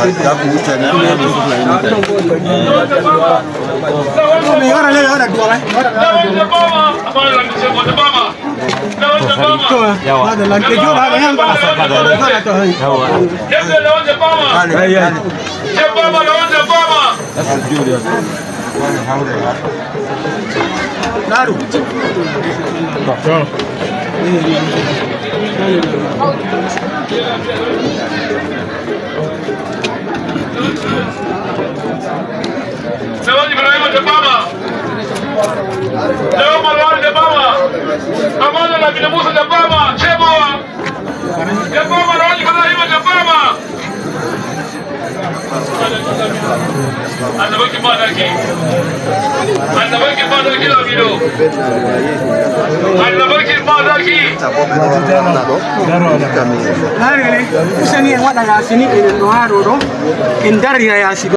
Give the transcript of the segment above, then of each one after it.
hatta kuita na mimi Ora leo ora dua mai. Hadi lan kejo hadi yang bana sabada. Hadi to hai. Hadi leonze pama. Hadi. Je pama leonze pama. That's Julia. How they are. Naru. Go. Obama. Leo Marwan Obama. Pamoja na kina Musa bama. Cheboa. Obama Raji Ibrahim Obama. Anabaki badaki. Anabaki badaki la video. Anabaki badaki. nih Usani wadanga sini ndo haroro. kendari ya, eh. ya sigo.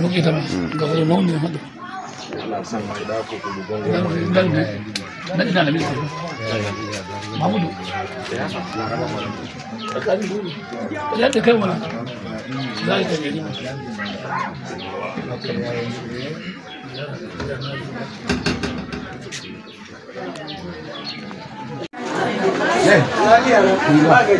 Mugi tam gawo no ne hadu. Na ina da mista. Mahmudu. Ya da kai mana. Za ka gani. Thank you. Lagi-lagi,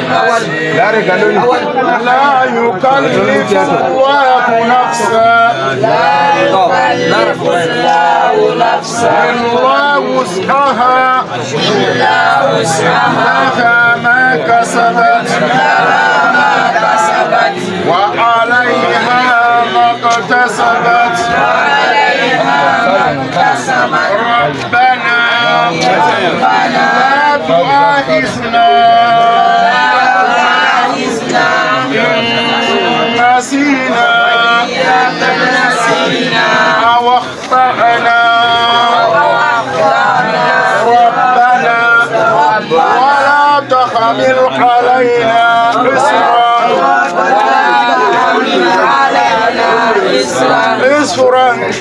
لا يكلف الله نفسا لا يكلف الله نفسا إلا وسعها إلا وسعها ما كسبت ما كسبت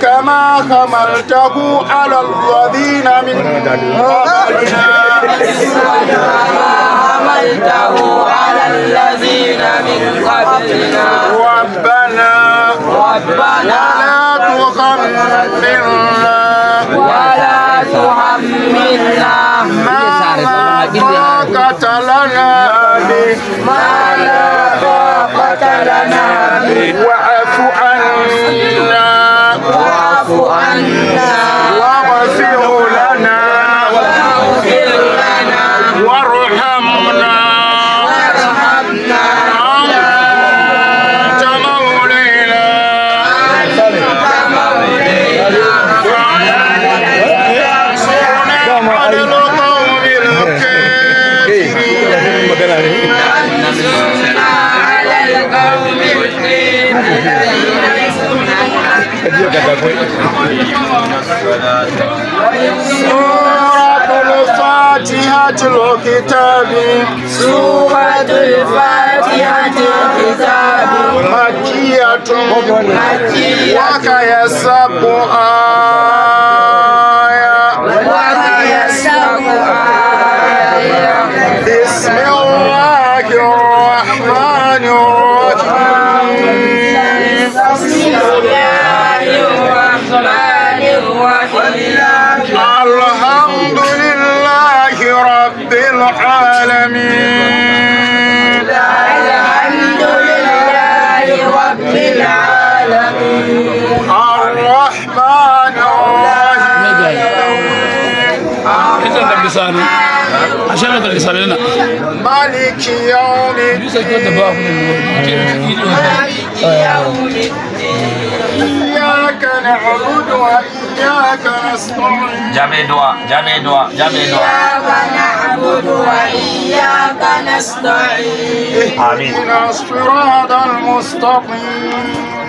كما حملته على الذين من قبلنا إسرا كما حملته على الذين من قبلنا ربنا ربنا لا تحملنا ولا تحملنا ما لا طاقة لنا به ما لا طاقة لنا وعف عنا Fatihatul Kitabi Suratul Fatihatul Kitabi Makiyatun Makiyatun Waka sabu aya Waka sabu aya Bismillahirrahmanirrahim Bismillahirrahmanirrahim sana. Acha na tele sabe na. Malikiyawmiddin. Ya kana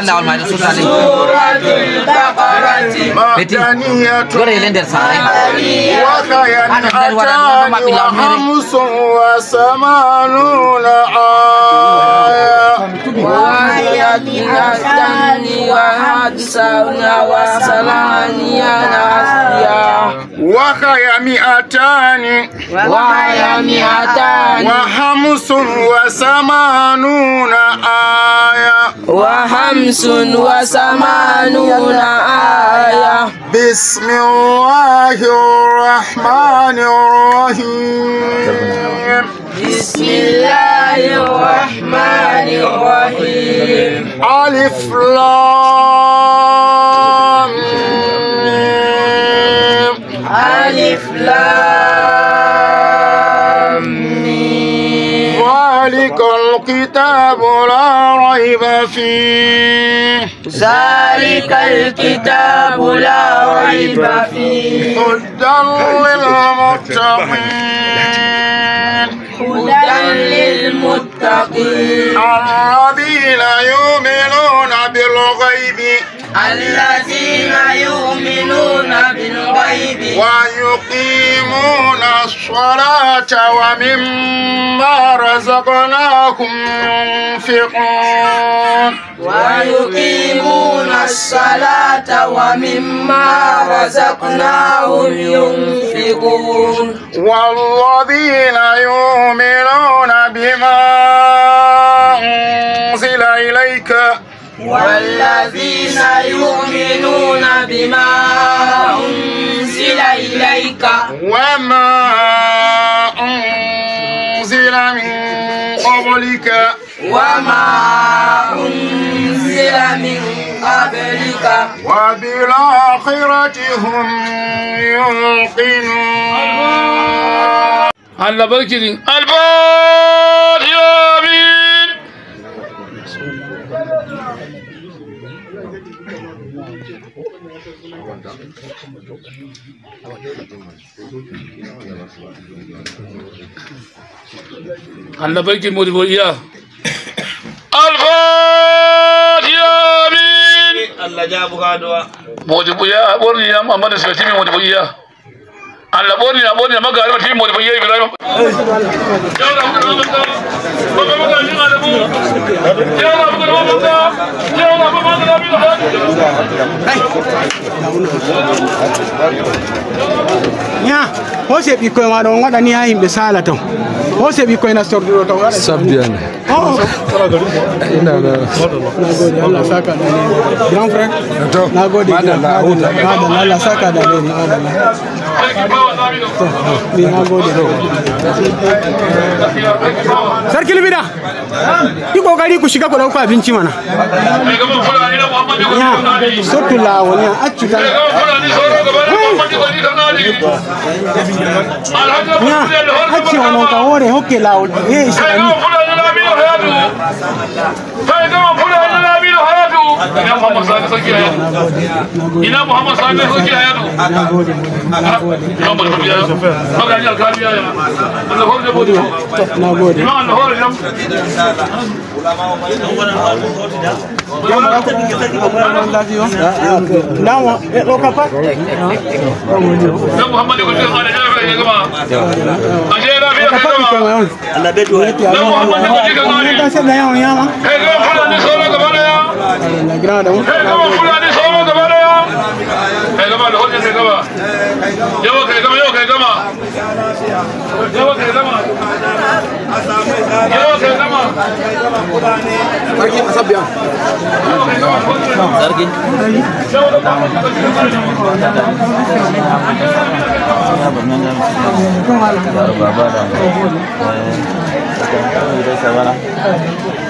Allah wal majid susali beti gore wa wa wa وخي مئتان وخي مئتان وخمس وثمانون آية وخمس وثمانون آية بسم الله الرحمن الرحيم بسم الله الرحمن الرحيم ألف لام ذلك الكتاب لا ريب فيه ذلك الكتاب لا ريب فيه هدى للمتقين هدى للمتقين الذين يؤمنون بالغيب الذين الصلاة ومما رزقناهم ينفقون ويقيمون الصلاة ومما رزقناهم ينفقون والذين يؤمنون بما أنزل إليك والذين يؤمنون بما أنزل أنزل إليك وما أنزل من قبلك وما أنزل من قبلك وبالآخرة هم يوقنون الله بركي الباب يا بيه Ala be ki muɗubu iya. Alikamu ya shiga cikin ɗin iya a yi a shi muɗubu iya. naboni naboni namaga ari batimo ni bagiye birayo nya hose bikoy ma don wada ni hayi ho se hose bikoy na sordiro to wada sabbian oh ina na nagode Allah saka da ne grand frère nagode madalla Allah saka da ne madalla sarki libida yi kokari ku shiga ku dauko abinci mana ya sotu lawani a acuta ya aci wani ka hore hoke lawani ya isa ina muhammad sani sarki hayatu muhammad sani sarki hayatu muhammad ya baka ni alkali ya Allah hore da bodi na gode ina Allah hore da Allah betu. Allah betu. Allah betu. Allah na gina da mu fulani sauran gaba daya kai gama da hujjar kai gama yawa kai gama yawa kai gama yawa kai gama yawa kai gama sarki a sabbiya sarki Baba da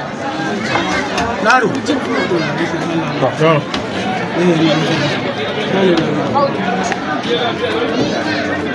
Claro. No. Vâng. Vâng.